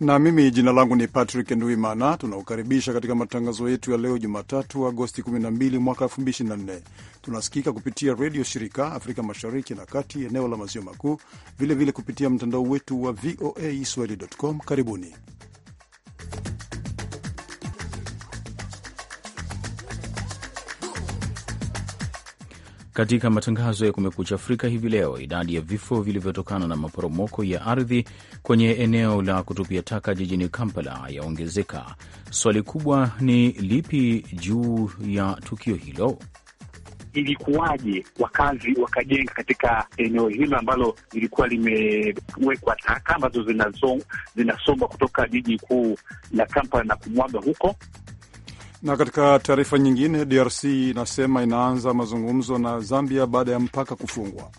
na mimi jina langu ni Patrick Nduimana. Tunakukaribisha katika matangazo yetu ya leo Jumatatu, Agosti 12 mwaka 2024. Tunasikika kupitia redio shirika Afrika mashariki na kati, eneo la maziwa makuu, vilevile kupitia mtandao wetu wa VOA Swahili.com. Karibuni. Katika matangazo ya Kumekucha Afrika hivi leo, idadi ya vifo vilivyotokana na maporomoko ya ardhi kwenye eneo la kutupia taka jijini Kampala yaongezeka. Swali kubwa ni lipi juu ya tukio hilo? Ilikuwaje wakazi wakajenga katika eneo hilo ambalo lilikuwa limewekwa taka ambazo zinasombwa kutoka jiji kuu la Kampala na kumwaga huko? Na katika taarifa nyingine, DRC inasema inaanza mazungumzo na Zambia baada ya mpaka kufungwa.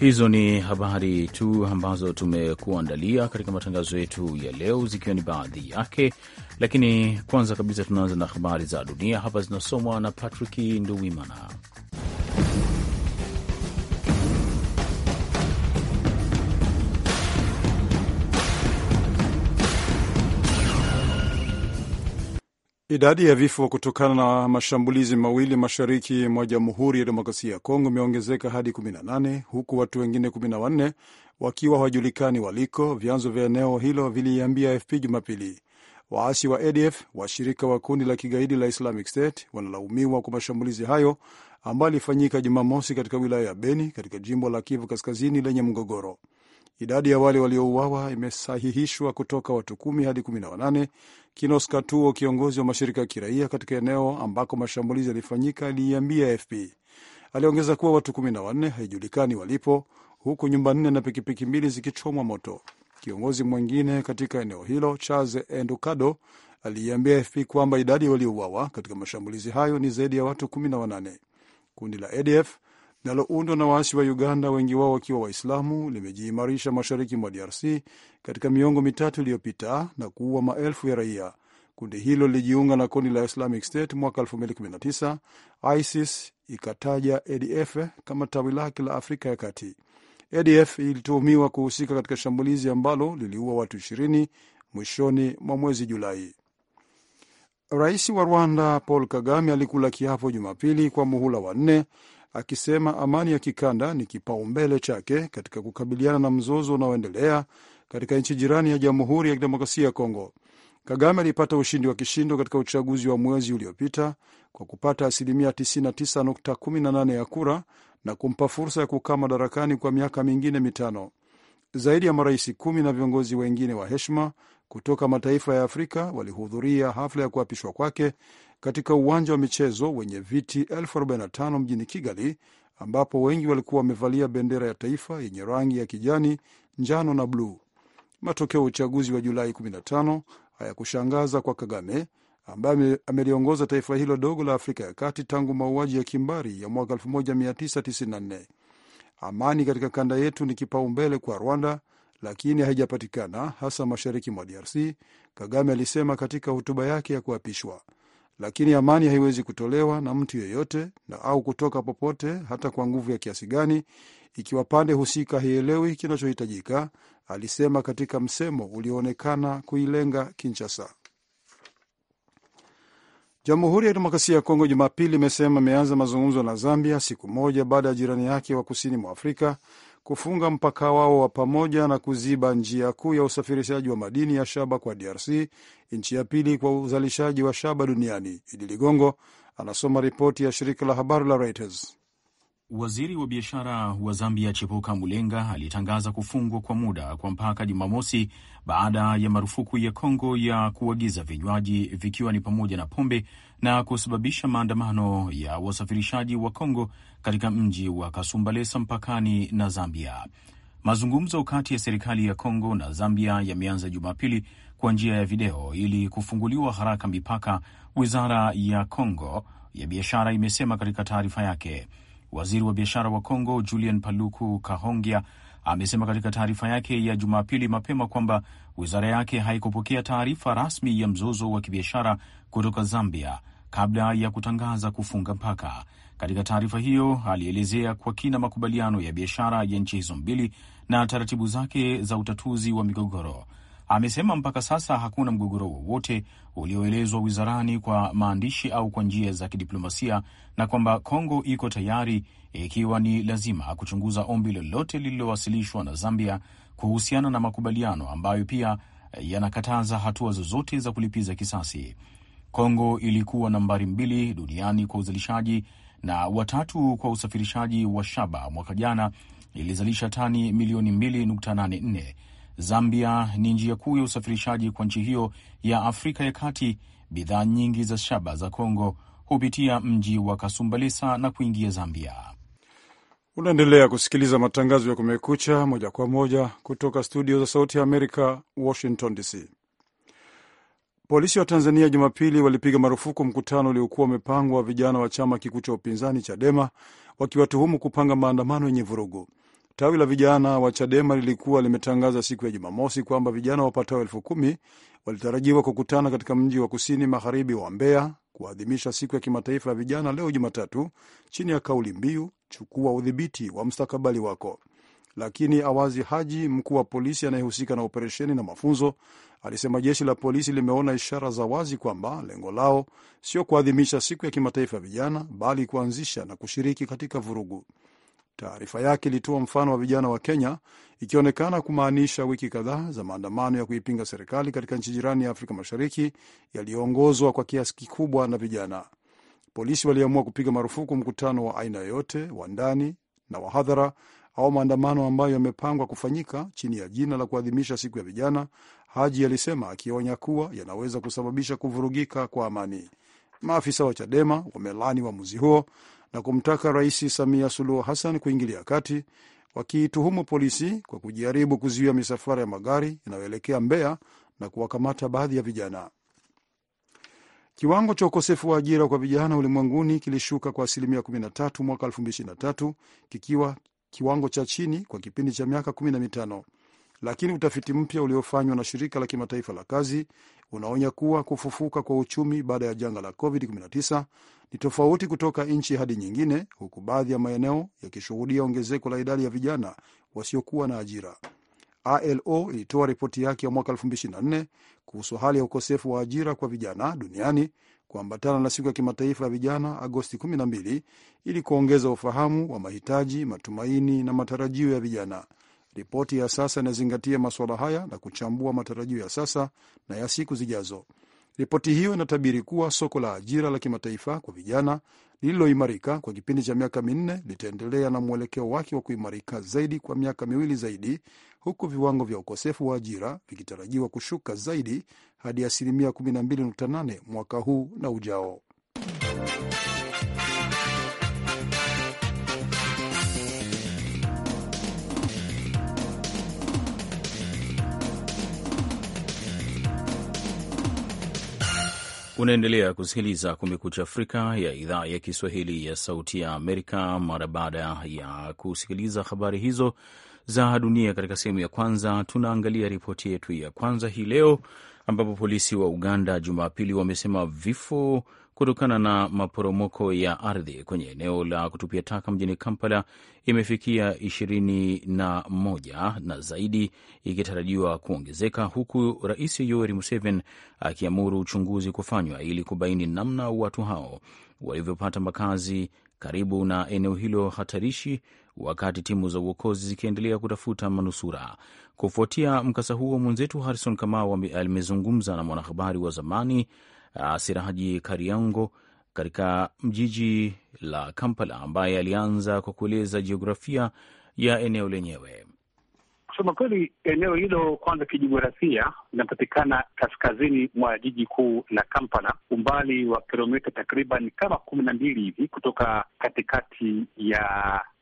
Hizo ni habari tu ambazo tumekuandalia katika matangazo yetu ya leo, zikiwa ni baadhi yake, lakini kwanza kabisa tunaanza na habari za dunia. Hapa zinasomwa na Patrick Nduwimana. Idadi ya vifo kutokana na mashambulizi mawili mashariki mwa Jamhuri ya Demokrasia ya Kongo imeongezeka hadi 18 huku watu wengine 14 wakiwa hawajulikani waliko, vyanzo vya eneo hilo viliiambia AFP Jumapili. Waasi wa ADF washirika wa kundi la kigaidi la Islamic State wanalaumiwa kwa mashambulizi hayo ambayo alifanyika Jumamosi katika wilaya ya Beni katika jimbo la Kivu Kaskazini lenye mgogoro. Idadi ya wale waliouawa imesahihishwa kutoka watu kumi hadi kumi na wanane. Kinos Katuo, kiongozi wa mashirika ya kiraia katika eneo ambako mashambulizi yalifanyika, aliiambia AFP. Aliongeza kuwa watu kumi na wanne haijulikani walipo, huku nyumba nne na pikipiki mbili zikichomwa moto. Kiongozi mwingine katika eneo hilo Charles Endukado aliiambia AFP kwamba idadi waliouawa katika mashambulizi hayo ni zaidi ya watu kumi na wanane. Kundi la ADF linaloundwa na waasi wa Uganda, wengi wao wakiwa Waislamu, limejiimarisha mashariki mwa DRC katika miongo mitatu iliyopita na kuua maelfu ya raia. Kundi hilo lilijiunga na kundi la Islamic State mwaka 2019. ISIS ikataja ADF kama tawi lake la Afrika ya Kati. ADF ilituhumiwa kuhusika katika shambulizi ambalo liliua watu 20 mwishoni mwa mwezi Julai. Rais wa Rwanda Paul Kagame alikula kiapo Jumapili kwa muhula wa nne akisema amani ya kikanda ni kipaumbele chake katika kukabiliana na mzozo unaoendelea katika nchi jirani ya Jamhuri ya Kidemokrasia ya Kongo. Kagame alipata ushindi wa kishindo katika uchaguzi wa mwezi uliopita kwa kupata asilimia 99.18 ya kura na kumpa fursa ya kukaa madarakani kwa miaka mingine mitano. Zaidi ya marais kumi na viongozi wengine wa heshima kutoka mataifa ya Afrika walihudhuria hafla ya kuapishwa kwake katika uwanja wa michezo wenye viti 45 mjini Kigali, ambapo wengi walikuwa wamevalia bendera ya taifa yenye rangi ya kijani, njano na bluu. Matokeo ya uchaguzi wa Julai 15 hayakushangaza kwa Kagame ambaye ameliongoza taifa hilo dogo la Afrika ya kati tangu mauaji ya kimbari ya mwaka 1994. Amani katika kanda yetu ni kipaumbele kwa Rwanda, lakini haijapatikana, hasa mashariki mwa DRC, Kagame alisema katika hotuba yake ya kuapishwa lakini amani haiwezi kutolewa na mtu yeyote na au kutoka popote, hata kwa nguvu ya kiasi gani, ikiwa pande husika haielewi kinachohitajika, alisema katika msemo ulioonekana kuilenga Kinshasa. Jamhuri ya Demokrasia ya Kongo Jumapili imesema imeanza mazungumzo na Zambia siku moja baada ya jirani yake wa kusini mwa Afrika kufunga mpaka wao wa pamoja na kuziba njia kuu ya usafirishaji wa madini ya shaba kwa DRC, nchi ya pili kwa uzalishaji wa shaba duniani. Idi Ligongo anasoma ripoti ya shirika la habari la Reuters. Waziri wa biashara wa Zambia Chepoka Mulenga alitangaza kufungwa kwa muda kwa mpaka Jumamosi baada ya marufuku ya Kongo ya kuagiza vinywaji vikiwa ni pamoja na pombe na kusababisha maandamano ya wasafirishaji wa Kongo katika mji wa Kasumbalesa mpakani na Zambia. Mazungumzo kati ya serikali ya Kongo na Zambia yameanza Jumapili kwa njia ya video ili kufunguliwa haraka mipaka, wizara ya Kongo ya biashara imesema katika taarifa yake. Waziri wa biashara wa Kongo julian Paluku kahongia amesema katika taarifa yake ya Jumapili mapema kwamba wizara yake haikupokea taarifa rasmi ya mzozo wa kibiashara kutoka Zambia kabla ya kutangaza kufunga mpaka. Katika taarifa hiyo alielezea kwa kina makubaliano ya biashara ya nchi hizo mbili na taratibu zake za utatuzi wa migogoro. Amesema mpaka sasa hakuna mgogoro wowote ulioelezwa wizarani kwa maandishi au kwa njia za kidiplomasia na kwamba Kongo iko tayari ikiwa ni lazima kuchunguza ombi lolote lililowasilishwa na Zambia kuhusiana na makubaliano ambayo pia yanakataza hatua zozote za kulipiza kisasi. Kongo ilikuwa nambari mbili duniani kwa uzalishaji na watatu kwa usafirishaji wa shaba mwaka jana, ilizalisha tani milioni 2.84 Zambia ni njia kuu ya usafirishaji kwa nchi hiyo ya Afrika ya Kati. Bidhaa nyingi za shaba za Kongo hupitia mji wa Kasumbalesa na kuingia Zambia. Unaendelea kusikiliza matangazo ya Kumekucha moja kwa moja kutoka studio za Sauti ya Amerika, Washington DC. Polisi wa Tanzania Jumapili walipiga marufuku mkutano uliokuwa umepangwa wa vijana wa chama kikuu cha upinzani Chadema, wakiwatuhumu kupanga maandamano yenye vurugu. Tawi la vijana wa Chadema lilikuwa limetangaza siku ya Jumamosi kwamba vijana wapatao elfu kumi walitarajiwa kukutana katika mji wa kusini magharibi wa Mbeya kuadhimisha siku ya kimataifa ya vijana leo Jumatatu, chini ya kauli mbiu chukua udhibiti wa mstakabali wako. Lakini Awazi Haji, mkuu wa polisi anayehusika na operesheni na mafunzo, alisema jeshi la polisi limeona ishara za wazi kwamba lengo lao sio kuadhimisha siku ya kimataifa ya vijana, bali kuanzisha na kushiriki katika vurugu. Taarifa yake ilitoa mfano wa vijana wa Kenya, ikionekana kumaanisha wiki kadhaa za maandamano ya kuipinga serikali katika nchi jirani ya Afrika Mashariki yaliyoongozwa kwa kiasi kikubwa na vijana. Polisi waliamua kupiga marufuku mkutano wa aina yoyote wa ndani na wa hadhara au maandamano ambayo yamepangwa kufanyika chini ya jina la kuadhimisha siku ya vijana, Haji alisema, akionya kuwa yanaweza kusababisha kuvurugika kwa amani. Maafisa wa Chadema wamelani uamuzi huo na kumtaka Rais Samia Suluhu Hassan kuingilia kati, wakiituhumu polisi kwa kujaribu kuzuia misafara ya magari inayoelekea Mbeya na kuwakamata baadhi ya vijana. Kiwango cha ukosefu wa ajira kwa vijana ulimwenguni kilishuka kwa asilimia 13 mwaka 2023 kikiwa kiwango cha chini kwa kipindi cha miaka 15, lakini utafiti mpya uliofanywa na shirika la kimataifa la kazi unaonya kuwa kufufuka kwa uchumi baada ya janga la COVID-19 ni tofauti kutoka nchi hadi nyingine, huku baadhi ya maeneo yakishuhudia ongezeko la idadi ya vijana wasiokuwa na ajira. ILO ilitoa ripoti yake ya mwaka 2024 kuhusu hali ya ukosefu wa ajira kwa vijana duniani kuambatana na siku ya kimataifa ya vijana Agosti 12 ili kuongeza ufahamu wa mahitaji, matumaini na matarajio ya vijana. Ripoti ya sasa inazingatia masuala haya na kuchambua matarajio ya sasa na ya siku zijazo. Ripoti hiyo inatabiri kuwa soko la ajira la kimataifa kwa vijana lililoimarika kwa kipindi cha miaka minne litaendelea na mwelekeo wake wa kuimarika zaidi kwa miaka miwili zaidi, huku viwango vya ukosefu wa ajira vikitarajiwa kushuka zaidi hadi asilimia 12.8 mwaka huu na ujao. Unaendelea kusikiliza Kumekucha Afrika ya idhaa ya Kiswahili ya Sauti ya Amerika. Mara baada ya kusikiliza habari hizo za dunia, katika sehemu ya kwanza tunaangalia ripoti yetu ya kwanza hii leo, ambapo polisi wa Uganda Jumapili wamesema vifo kutokana na maporomoko ya ardhi kwenye eneo la kutupia taka mjini Kampala imefikia ishirini na moja na zaidi ikitarajiwa kuongezeka, huku Rais Yoweri Museveni akiamuru uchunguzi kufanywa ili kubaini namna watu hao walivyopata makazi karibu na eneo hilo hatarishi, wakati timu za uokozi zikiendelea kutafuta manusura. Kufuatia mkasa huo, mwenzetu Harrison Kamau amezungumza na mwanahabari wa zamani uh, Siraji Kariango katika jiji la Kampala, ambaye alianza kwa kueleza jiografia ya eneo lenyewe. Kusema kweli, eneo hilo kwanza, kijiografia linapatikana kaskazini mwa jiji kuu la Kampala, umbali wa kilomita takriban kama kumi na mbili hivi kutoka katikati ya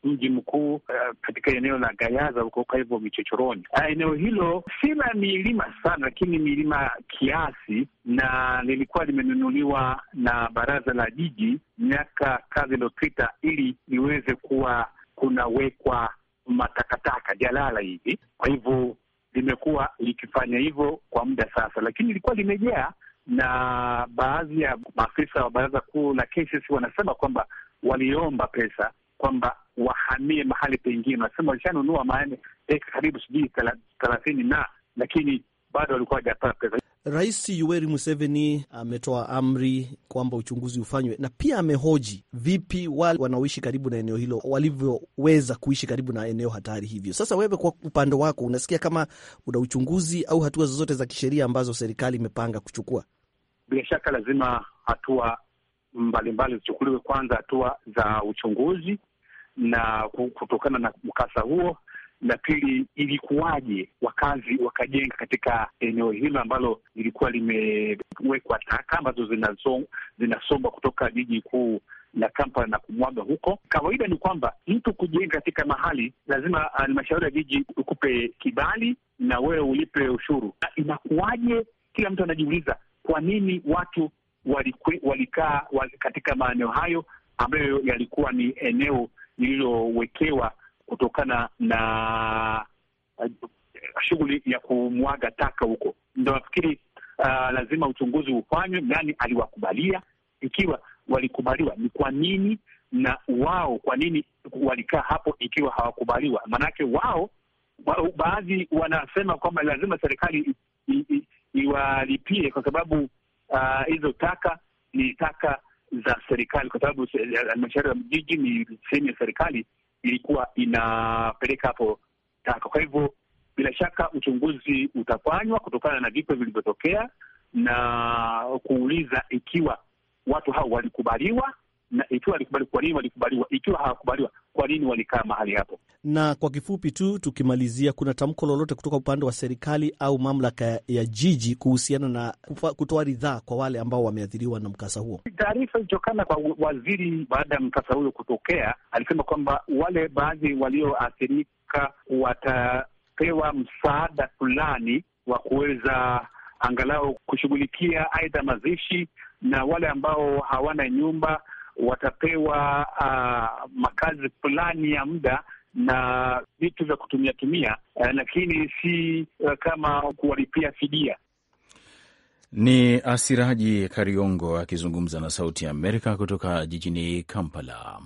mji mkuu uh, katika eneo la Gayaza huko kwa hivyo vichochoroni. Uh, ah, eneo hilo si la milima sana, lakini milima kiasi, na lilikuwa limenunuliwa na baraza la jiji miaka kazi iliyopita ili liweze kuwa kunawekwa matakataka jalala hivi. Kwa hivyo limekuwa likifanya hivyo kwa muda sasa, lakini ilikuwa limejaa, na baadhi ya maafisa wa baraza kuu la KCC wanasema kwamba waliomba pesa kwamba wahamie mahali pengine, wanasema walishanunua maeneo karibu sijui thelathini na lakini bado walikuwa hawajapata pesa. Rais Yoweri Museveni ametoa amri kwamba uchunguzi ufanywe, na pia amehoji vipi wale wanaoishi karibu na eneo hilo walivyoweza kuishi karibu na eneo hatari hivyo. Sasa wewe, kwa upande wako, unasikia kama una uchunguzi au hatua zozote za kisheria ambazo serikali imepanga kuchukua? Bila shaka lazima hatua mbalimbali zichukuliwe, kwanza hatua za uchunguzi na kutokana na mkasa huo la pili, ilikuwaje wakazi wakajenga katika eneo hilo ambalo lilikuwa limewekwa taka ambazo zinasombwa kutoka jiji kuu la Kampala na kumwaga huko. Kawaida ni kwamba mtu kujenga katika mahali lazima halmashauri ya jiji ukupe kibali na wewe ulipe ushuru. Inakuwaje? Kila mtu anajiuliza kwa nini watu walikaa katika maeneo hayo ambayo yalikuwa ni eneo lililowekewa kutokana na uh, shughuli ya kumwaga taka huko. Ndo nafikiri uh, lazima uchunguzi ufanywe, nani aliwakubalia, ikiwa walikubaliwa ni kwa nini, na wao kwa nini walikaa hapo ikiwa hawakubaliwa. Maanake wao baadhi wanasema kwamba lazima serikali iwalipie kwa sababu uh, hizo uh, taka ni taka za serikali, kwa sababu halmashauri ya mjiji ni sehemu ya serikali ilikuwa inapeleka hapo taka. Kwa hivyo bila shaka uchunguzi utafanywa kutokana na vifo vilivyotokea na kuuliza ikiwa watu hao walikubaliwa na ikiwa alikubali, kwa nini walikubaliwa? Ikiwa hawakubaliwa, kwa nini walikaa mahali hapo? Na kwa kifupi tu tukimalizia, kuna tamko lolote kutoka upande wa serikali au mamlaka ya jiji kuhusiana na kutoa ridhaa kwa wale ambao wameathiriwa na mkasa huo? Taarifa ilitokana kwa waziri baada ya mkasa huyo kutokea, alisema kwamba wale baadhi walioathirika watapewa msaada fulani wa kuweza angalau kushughulikia aidha mazishi na wale ambao hawana nyumba watapewa uh, makazi fulani ya muda na vitu vya kutumia tumia, uh, lakini si uh, kama kuwalipia fidia. Ni Asiraji Kariongo akizungumza na Sauti ya Amerika kutoka jijini Kampala.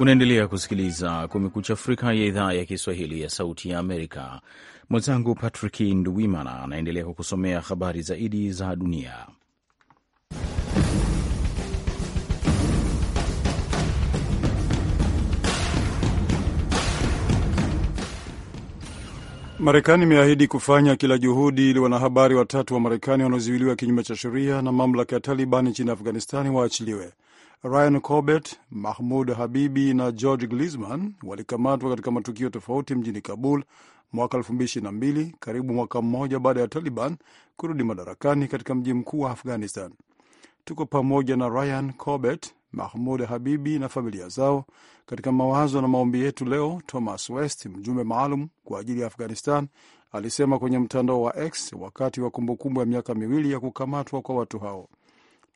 Unaendelea kusikiliza Kumekucha Afrika ya idhaa ya Kiswahili ya Sauti ya Amerika. Mwenzangu Patrick Nduwimana anaendelea kukusomea habari zaidi za dunia. Marekani imeahidi kufanya kila juhudi ili wanahabari watatu wa Marekani wanaozuiliwa kinyume cha sheria na mamlaka ya Taliban nchini Afghanistani waachiliwe. Ryan Corbett, Mahmud Habibi na George Glisman walikamatwa katika matukio tofauti mjini Kabul mwaka 2022 karibu mwaka mmoja baada ya Taliban kurudi madarakani katika mji mkuu wa Afghanistan. Tuko pamoja na Ryan Corbett, Mahmud Habibi na familia zao katika mawazo na maombi yetu leo, Thomas West, mjumbe maalum kwa ajili ya Afghanistan, alisema kwenye mtandao wa X wakati wa kumbukumbu ya miaka miwili ya kukamatwa kwa watu hao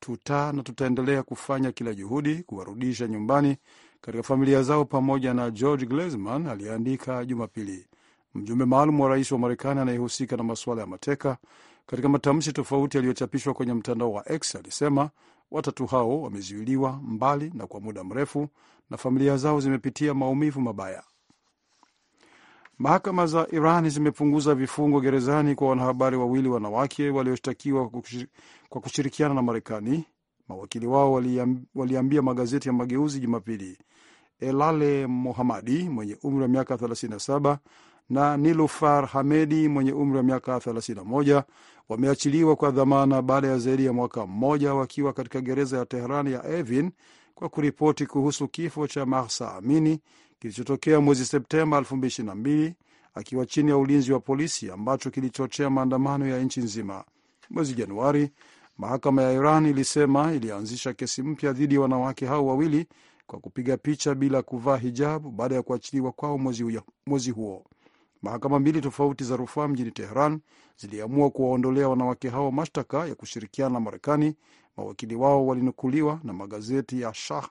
tuta na tutaendelea kufanya kila juhudi kuwarudisha nyumbani katika familia zao pamoja na George Glesman aliyeandika Jumapili. Mjumbe maalum wa rais wa Marekani anayehusika na masuala ya mateka, katika matamshi tofauti yaliyochapishwa kwenye mtandao wa X alisema watatu hao wamezuiliwa mbali na kwa muda mrefu, na familia zao zimepitia maumivu mabaya. Mahakama za Iran zimepunguza vifungo gerezani kwa wanahabari wawili wanawake walioshtakiwa kwa kushirikiana na Marekani. Mawakili wao waliambia magazeti ya mageuzi Jumapili. Elale Mohamadi mwenye umri wa miaka 37 na Nilufar Hamedi mwenye umri wa miaka 31 wameachiliwa kwa dhamana baada ya zaidi ya mwaka mmoja wakiwa katika gereza ya Teherani ya Evin kwa kuripoti kuhusu kifo cha Mahsa Amini, kilichotokea mwezi Septemba 2022 akiwa chini ya ulinzi wa polisi ambacho kilichochea maandamano ya nchi nzima. Mwezi Januari, mahakama ya Iran ilisema ilianzisha kesi mpya dhidi ya wanawake hao wawili kwa kupiga picha bila kuvaa hijabu baada ya kuachiliwa kwao mwezi, mwezi huo. Mahakama mbili tofauti za rufaa mjini Teheran ziliamua kuwaondolea wanawake hao mashtaka ya kushirikiana na Marekani. Mawakili wao walinukuliwa na magazeti ya Shah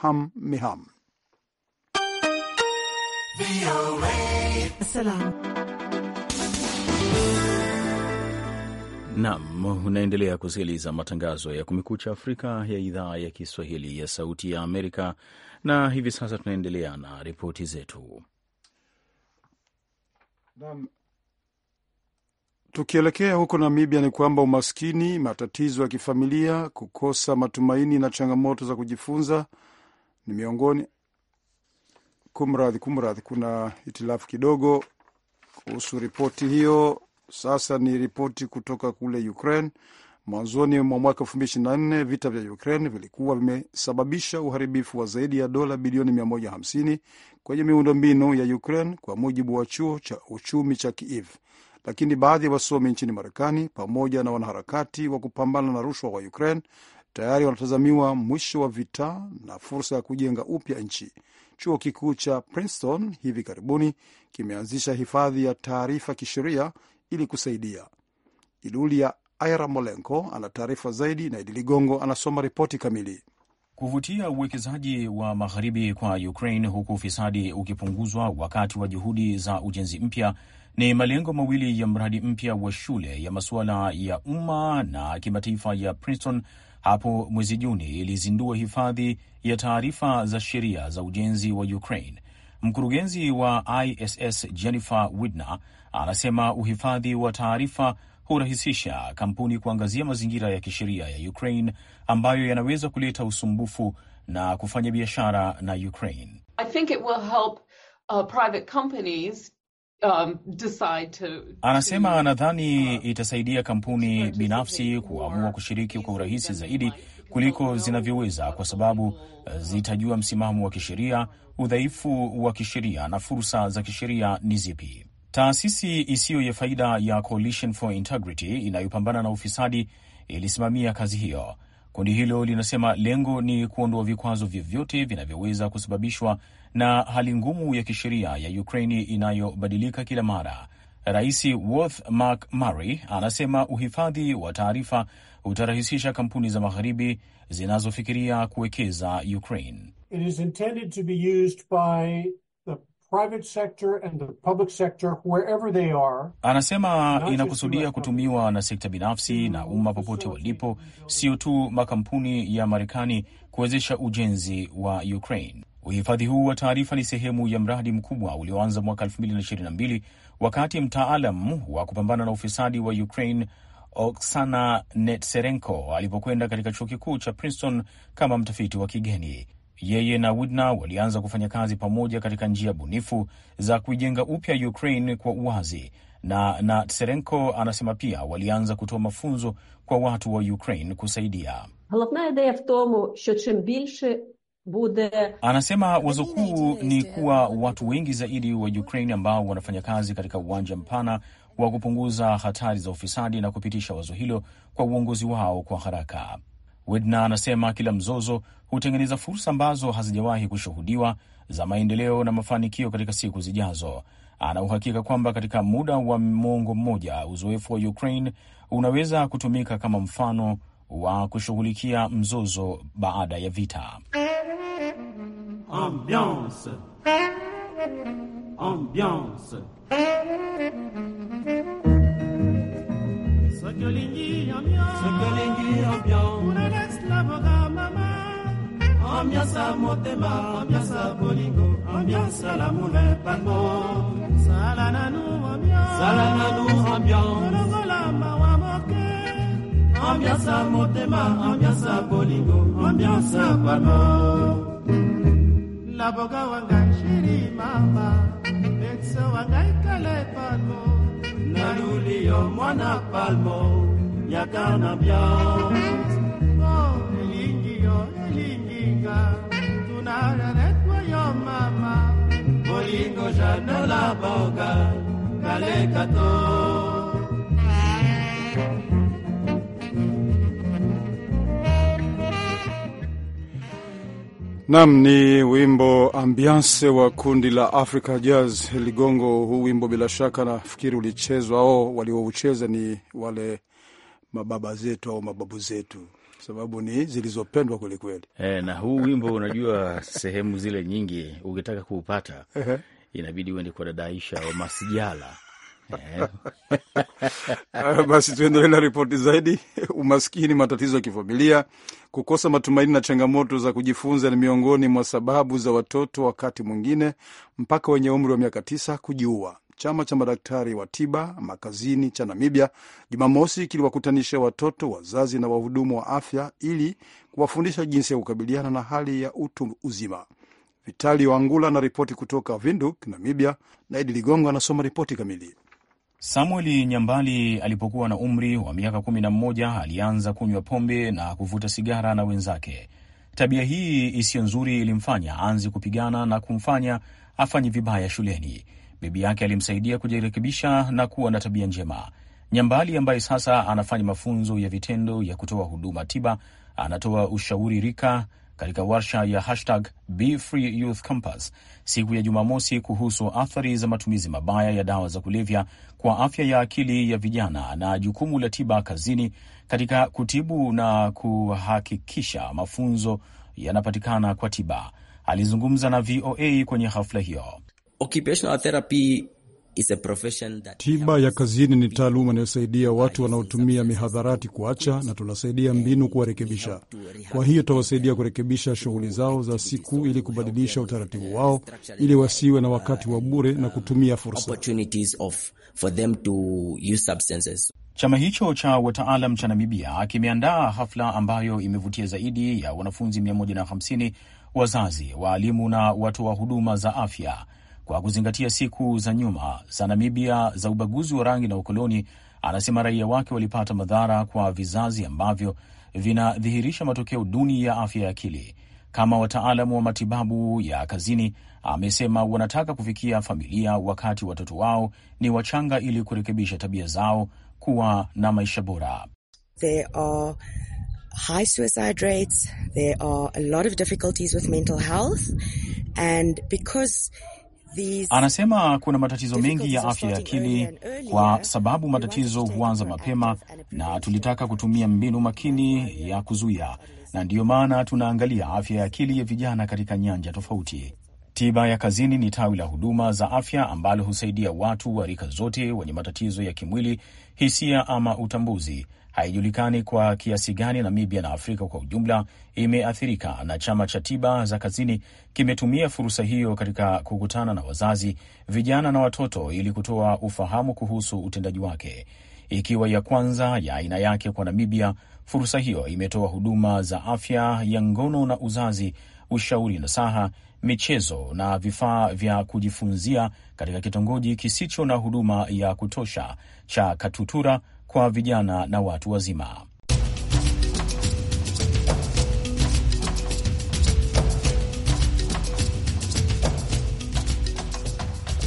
Ham Meham nam unaendelea kusikiliza matangazo ya Kumekucha Afrika ya idhaa ya Kiswahili ya Sauti ya Amerika, na hivi sasa tunaendelea na ripoti zetu. Naam. Tukielekea huko Namibia ni kwamba umaskini, matatizo ya kifamilia, kukosa matumaini na changamoto za kujifunza ni miongoni Kumradhi, kumradhi, kuna hitilafu kidogo kuhusu ripoti hiyo. Sasa ni ripoti kutoka kule Ukraine. Mwanzoni mwa mwaka elfu mbili ishirini na nne vita vya Ukraine vilikuwa vimesababisha uharibifu wa zaidi ya dola bilioni 150 kwenye miundo mbinu ya Ukraine kwa mujibu wa chuo cha uchumi cha Kiev. Lakini baadhi ya wasomi nchini Marekani pamoja na wanaharakati wa kupambana na rushwa wa Ukraine tayari wanatazamiwa mwisho wa vita na fursa ya kujenga upya nchi. Chuo kikuu cha Princeton hivi karibuni kimeanzisha hifadhi ya taarifa kisheria ili kusaidia. Ilulia Aira Molenko ana taarifa zaidi na Idi Ligongo anasoma ripoti kamili. Kuvutia uwekezaji wa magharibi kwa Ukraine huku ufisadi ukipunguzwa wakati wa juhudi za ujenzi mpya ni malengo mawili ya mradi mpya wa shule ya masuala ya umma na kimataifa ya Princeton hapo mwezi Juni ilizindua hifadhi ya taarifa za sheria za ujenzi wa Ukraine. Mkurugenzi wa ISS Jennifer Widner anasema uhifadhi wa taarifa hurahisisha kampuni kuangazia mazingira ya kisheria ya Ukraine ambayo yanaweza kuleta usumbufu na kufanya biashara na Ukraine. I think it will help, uh, private companies Um, decide to, anasema to, uh, nadhani uh, itasaidia kampuni binafsi kuamua kushiriki kwa urahisi zaidi kuliko zinavyoweza, kwa sababu uh, zitajua msimamo wa kisheria, udhaifu wa kisheria na fursa za kisheria ni zipi. Taasisi isiyo ya faida ya Coalition for Integrity inayopambana na ufisadi ilisimamia kazi hiyo. Kundi hilo linasema lengo ni kuondoa vikwazo vyovyote vinavyoweza kusababishwa na hali ngumu ya kisheria ya Ukraini inayobadilika kila mara. Rais Worth Mark Murry anasema uhifadhi wa taarifa utarahisisha kampuni za magharibi zinazofikiria kuwekeza Ukraine. It is intended to be used by Anasema inakusudia kutumiwa na sekta binafsi na umma popote walipo, sio tu makampuni ya Marekani kuwezesha ujenzi wa Ukraine. Uhifadhi huu wa taarifa ni sehemu ya mradi mkubwa ulioanza mwaka 2022 wakati mtaalam wa kupambana na ufisadi wa Ukraine Oksana Netserenko alipokwenda katika chuo kikuu cha Princeton kama mtafiti wa kigeni. Yeye na Widna walianza kufanya kazi pamoja katika njia bunifu za kuijenga upya Ukraine kwa uwazi na na Tserenko anasema pia walianza kutoa mafunzo kwa watu wa Ukraine kusaidia. Anasema wazo kuu ni kuwa watu wengi zaidi wa Ukraine ambao wanafanya kazi katika uwanja mpana wa kupunguza hatari za ufisadi na kupitisha wazo hilo kwa uongozi wao kwa haraka. Widna anasema kila mzozo hutengeneza fursa ambazo hazijawahi kushuhudiwa za maendeleo na mafanikio katika siku zijazo. Ana uhakika kwamba katika muda wa mwongo mmoja uzoefu wa Ukraine unaweza kutumika kama mfano wa kushughulikia mzozo baada ya vita. Ambiance. Ambiance. Ambiance. boka mama ambiance motema ambiance bolingo ambiance la moule palmo sala nanu ambiance sala nanu ambiance lokola mawa moke ambiance motema ambiance bolingo ambiance à palmo la boka wanga shiri mama betso wanga ikale palmo nanuli yo mwana palmo yaka na Afrika mama Bolingo la boga kale kato Nam ni wimbo ambiance wa kundi la Africa Jazz Ligongo. Huu wimbo bila shaka nafikiri ulichezwa, ao walioucheza ni wale mababa zetu au mababu zetu sababu ni zilizopendwa kwelikweli. E, eh, na huu wimbo unajua, sehemu zile nyingi ukitaka kuupata inabidi uende kwa dada Aisha wa Masijala. Eh. Basi tuendelee na ripoti zaidi. Umaskini, matatizo ya kifamilia, kukosa matumaini na changamoto za kujifunza ni miongoni mwa sababu za watoto wakati mwingine mpaka wenye umri wa miaka tisa kujiua. Chama cha madaktari wa tiba makazini cha Namibia Jumamosi kiliwakutanisha watoto, wazazi na wahudumu wa afya ili kuwafundisha jinsi ya kukabiliana na hali ya utu uzima. Vitali Wangula ripoti kutoka Vinduk, Namibia, na Idi Ligongo anasoma ripoti kamili. Samuel Nyambali alipokuwa na umri wa miaka kumi na mmoja alianza kunywa pombe na kuvuta sigara na wenzake. Tabia hii isiyo nzuri ilimfanya anzi kupigana na kumfanya afanye vibaya shuleni. Bibi yake alimsaidia kujirekebisha na kuwa na tabia njema. Nyambali ambaye sasa anafanya mafunzo ya vitendo ya kutoa huduma tiba, anatoa ushauri rika katika warsha ya hashtag Be Free Youth Campus siku ya Jumamosi kuhusu athari za matumizi mabaya ya dawa za kulevya kwa afya ya akili ya vijana na jukumu la tiba kazini katika kutibu na kuhakikisha mafunzo yanapatikana kwa tiba. Alizungumza na VOA kwenye hafla hiyo. Occupational therapy is a profession that... tiba ya kazini ni taaluma inayosaidia watu wanaotumia mihadharati kuacha, na tunasaidia mbinu kuwarekebisha. Kwa hiyo tutawasaidia kurekebisha shughuli zao za siku ili kubadilisha utaratibu wao, ili wasiwe na wakati wa bure na kutumia fursa. Chama hicho cha wataalam cha Namibia kimeandaa hafla ambayo imevutia zaidi ya wanafunzi 150, wazazi, waalimu na watoa wa huduma za afya kwa kuzingatia siku za nyuma za Namibia za ubaguzi wa rangi na ukoloni. Anasema raia wake walipata madhara kwa vizazi ambavyo vinadhihirisha matokeo duni ya afya ya akili. Kama wataalamu wa matibabu ya kazini, amesema wanataka kufikia familia wakati watoto wao ni wachanga, ili kurekebisha tabia zao kuwa na maisha bora. There are high suicide rates, there are a lot of difficulties with mental health and because Anasema kuna matatizo mengi ya afya ya akili, kwa sababu matatizo huanza mapema, na tulitaka kutumia mbinu makini ya kuzuia, na ndiyo maana tunaangalia afya ya akili ya vijana katika nyanja tofauti. Tiba ya kazini ni tawi la huduma za afya ambalo husaidia watu wa rika zote wenye matatizo ya kimwili, hisia ama utambuzi Haijulikani kwa kiasi gani Namibia na Afrika kwa ujumla imeathirika, na chama cha tiba za kazini kimetumia fursa hiyo katika kukutana na wazazi, vijana na watoto ili kutoa ufahamu kuhusu utendaji wake, ikiwa ya kwanza ya aina yake kwa Namibia. Fursa hiyo imetoa huduma za afya ya ngono na uzazi, ushauri na saha michezo na vifaa vya kujifunzia katika kitongoji kisicho na huduma ya kutosha cha Katutura kwa vijana na watu wazima.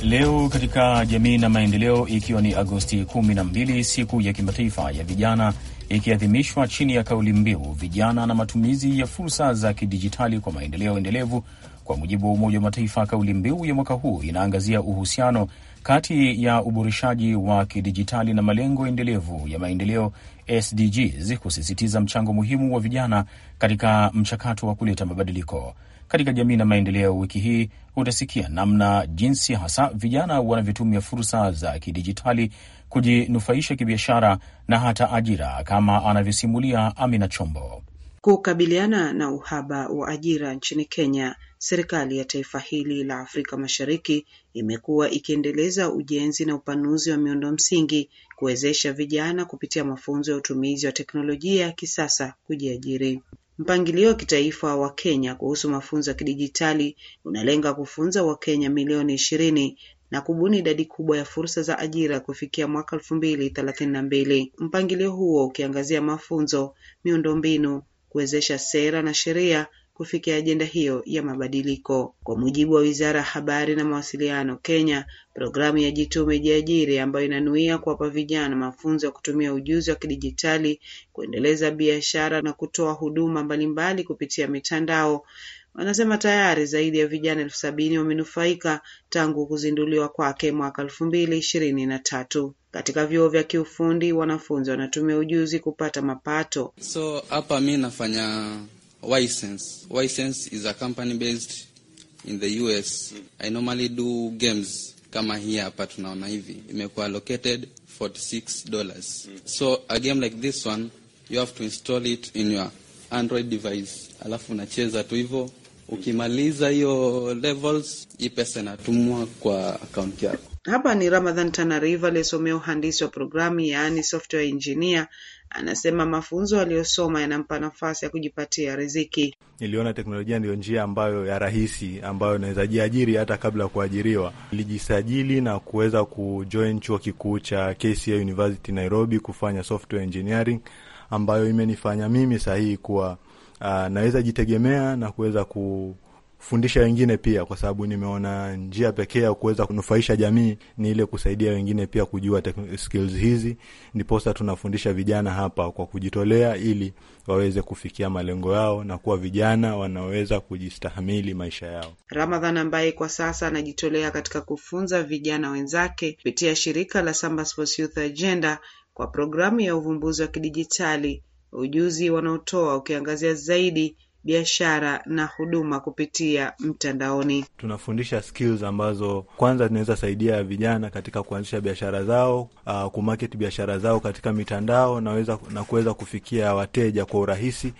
Leo katika jamii na maendeleo, ikiwa ni Agosti 12 siku ya kimataifa ya vijana ikiadhimishwa chini ya kauli mbiu vijana na matumizi ya fursa za kidijitali kwa maendeleo endelevu. Kwa mujibu wa Umoja wa Mataifa, kauli mbiu ya mwaka huu inaangazia uhusiano kati ya uboreshaji wa kidijitali na malengo endelevu ya maendeleo SDGs kusisitiza mchango muhimu wa vijana katika mchakato wa kuleta mabadiliko katika jamii na maendeleo. Wiki hii utasikia namna jinsi hasa vijana wanavyotumia fursa za kidijitali kujinufaisha kibiashara na hata ajira, kama anavyosimulia Amina Chombo. Kukabiliana na uhaba wa ajira nchini Kenya, serikali ya taifa hili la Afrika Mashariki imekuwa ikiendeleza ujenzi na upanuzi wa miundo msingi kuwezesha vijana kupitia mafunzo ya utumizi wa teknolojia ya kisasa kujiajiri. Mpangilio wa kitaifa wa Kenya kuhusu mafunzo ya kidijitali unalenga kufunza Wakenya milioni ishirini na kubuni idadi kubwa ya fursa za ajira kufikia mwaka elfu mbili thelathini na mbili. Mpangilio huo ukiangazia mafunzo, miundombinu, kuwezesha sera na sheria kufikia ajenda hiyo ya mabadiliko. Kwa mujibu wa Wizara ya Habari na Mawasiliano Kenya, programu ya Jitume Jiajiri ambayo inanuia kuwapa vijana mafunzo ya kutumia ujuzi wa kidijitali kuendeleza biashara na kutoa huduma mbalimbali kupitia mitandao, wanasema tayari zaidi ya vijana elfu sabini wamenufaika tangu kuzinduliwa kwake mwaka elfu mbili ishirini na tatu. Katika vyuo vya kiufundi wanafunzi wanatumia ujuzi kupata mapato. So hapa mi nafanya Ysense. Ysense is a company based in the US. I normally do games kama hii hapa tunaona hivi imekuwa allocated 46 dollars. So a game like this one you have to install it in your Android device, alafu unacheza tu hivyo. Ukimaliza hiyo levels, hii pesa inatumwa kwa akaunti yako. Hapa ni Ramadhan Tanariva aliyesomea uhandisi wa programu yaani software engineer anasema mafunzo aliyosoma yanampa nafasi ya kujipatia riziki. Niliona teknolojia ndiyo njia ambayo ya rahisi ambayo inaweza jiajiri hata kabla ya kuajiriwa. Nilijisajili na kuweza kujoin chuo kikuu cha KCA University Nairobi kufanya software engineering ambayo imenifanya mimi sahihi kuwa uh, naweza jitegemea na kuweza ku fundisha wengine pia, kwa sababu nimeona njia pekee ya kuweza kunufaisha jamii ni ile kusaidia wengine pia kujua skills hizi, ndiposa tunafundisha vijana hapa kwa kujitolea, ili waweze kufikia malengo yao na kuwa vijana wanaweza kujistahamili maisha yao. Ramadhan ambaye kwa sasa anajitolea katika kufunza vijana wenzake kupitia shirika la Samba Sports Youth Agenda kwa programu ya uvumbuzi wa kidijitali, ujuzi wanaotoa ukiangazia zaidi biashara na huduma kupitia mtandaoni. Tunafundisha skills ambazo kwanza zinaweza saidia vijana katika kuanzisha biashara zao, uh, kumarket biashara zao katika mitandao naweza, na kuweza kufikia wateja kwa urahisi,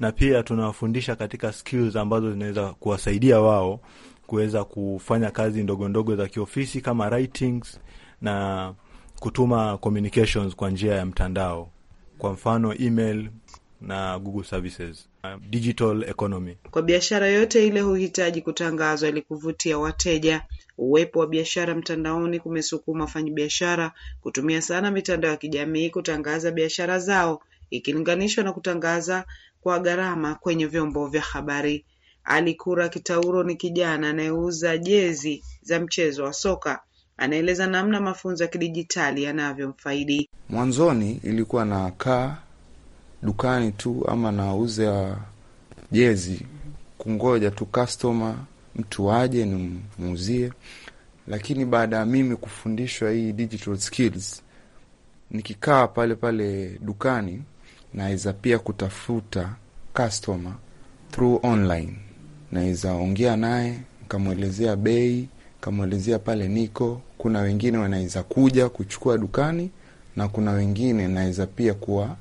na pia tunawafundisha katika skills ambazo zinaweza kuwasaidia wao kuweza kufanya kazi ndogo ndogo za kiofisi kama writings na kutuma communications kwa njia ya mtandao, kwa mfano email na Google services digital economy. Kwa biashara yote ile huhitaji kutangazwa ili kuvutia wateja. Uwepo wa biashara mtandaoni kumesukuma wafanyabiashara kutumia sana mitandao ya kijamii kutangaza biashara zao ikilinganishwa na kutangaza kwa gharama kwenye vyombo vya habari. Alikura Kitauro ni kijana anayeuza jezi za mchezo wa soka. Anaeleza namna mafunzo ya kidijitali yanavyomfaidi. Mwanzoni ilikuwa na kaa dukani tu ama nauza jezi, kungoja tu customer mtu aje nimuuzie. Lakini baada ya mimi kufundishwa hii digital skills, nikikaa pale pale dukani naweza pia kutafuta customer through online, naweza ongea naye nikamwelezea bei, nikamwelezea pale niko. Kuna wengine wanaweza kuja kuchukua dukani na kuna wengine naweza pia kuwa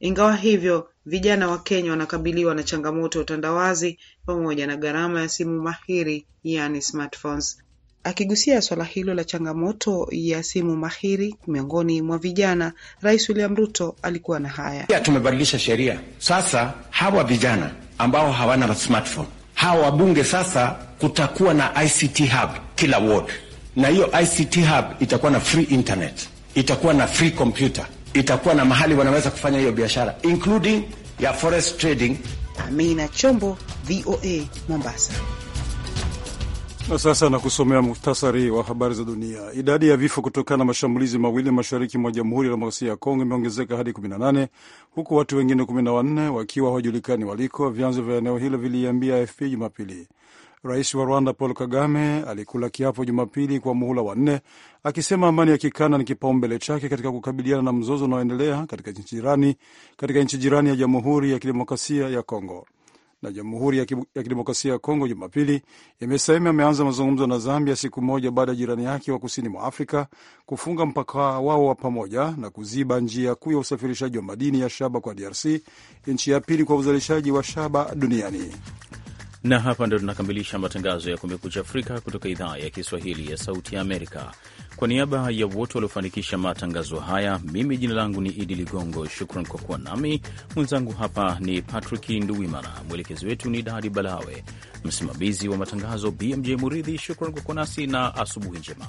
ingawa hivyo, vijana wa Kenya wanakabiliwa na changamoto ya utandawazi pamoja na gharama ya simu mahiri, yani smartphones. Akigusia swala hilo la changamoto ya simu mahiri miongoni mwa vijana, Rais William Ruto alikuwa na haya tumebadilisha sheria sasa, hawa vijana ambao hawana smartphone, hawa wabunge sasa, kutakuwa na ICT hub kila ward, na hiyo ICT hub itakuwa na free internet, itakuwa na free computer itakuwa na mahali wanaweza kufanya hiyo biashara including ya forest trading. Amina Chombo, VOA, Mombasa. Na sasa na kusomea muhtasari wa habari za dunia. Idadi ya vifo kutokana na mashambulizi mawili mashariki mwa Jamhuri ya Demokrasia ya Kongo imeongezeka hadi 18 huku watu wengine 14 wakiwa hawajulikani waliko, vyanzo vya eneo hilo viliiambia AFP Jumapili. Rais wa Rwanda Paul Kagame alikula kiapo Jumapili kwa muhula wa nne akisema amani ya kikanda ni kipaumbele chake katika kukabiliana na mzozo unaoendelea katika nchi jirani katika nchi jirani ya Jamhuri ya Kidemokrasia ya Kongo. Na Jamhuri ya Kidemokrasia ya Kongo Jumapili imesema ameanza mazungumzo na Zambia siku moja baada ya jirani yake wa kusini mwa Afrika kufunga mpaka wao wa pamoja na kuziba njia kuu ya usafirishaji wa madini ya shaba kwa DRC, nchi ya pili kwa uzalishaji wa shaba duniani. Na hapa ndio tunakamilisha matangazo ya Kumekucha Afrika kutoka idhaa ya Kiswahili ya Sauti ya Amerika. Kwa niaba ya wote waliofanikisha matangazo haya, mimi jina langu ni Idi Ligongo. Shukran kwa kuwa nami. Mwenzangu hapa ni Patrick Nduwimana, mwelekezi wetu ni Dadi Balawe, msimamizi wa matangazo BMJ Muridhi. Shukran kwa kuwa nasi na asubuhi njema.